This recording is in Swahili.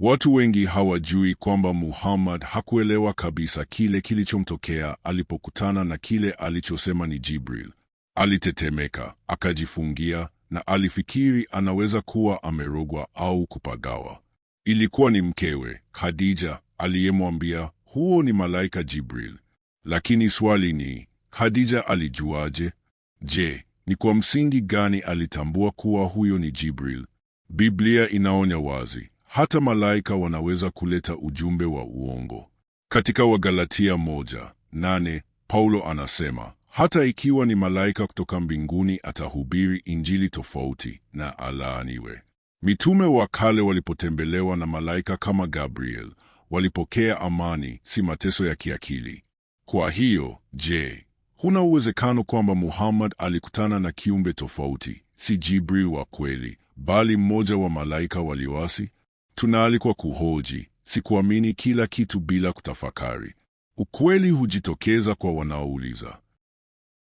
Watu wengi hawajui kwamba Muhammad hakuelewa kabisa kile kilichomtokea alipokutana na kile alichosema ni Jibril. Alitetemeka, akajifungia na alifikiri anaweza kuwa amerogwa au kupagawa. Ilikuwa ni mkewe Khadija aliyemwambia huo ni malaika Jibril. Lakini swali ni, Khadija alijuaje? Je, ni kwa msingi gani alitambua kuwa huyo ni Jibril? Biblia inaonya wazi hata malaika wanaweza kuleta ujumbe wa uongo. Katika Wagalatia moja nane Paulo anasema hata ikiwa ni malaika kutoka mbinguni atahubiri injili tofauti, na alaaniwe. Mitume wa kale walipotembelewa na malaika kama Gabriel walipokea amani, si mateso ya kiakili. Kwa hiyo, je, huna uwezekano kwamba Muhammad alikutana na kiumbe tofauti, si Jibril wa kweli, bali mmoja wa malaika walioasi? tunaalikwa kuhoji, si kuamini kila kitu bila kutafakari. Ukweli hujitokeza kwa wanaouliza.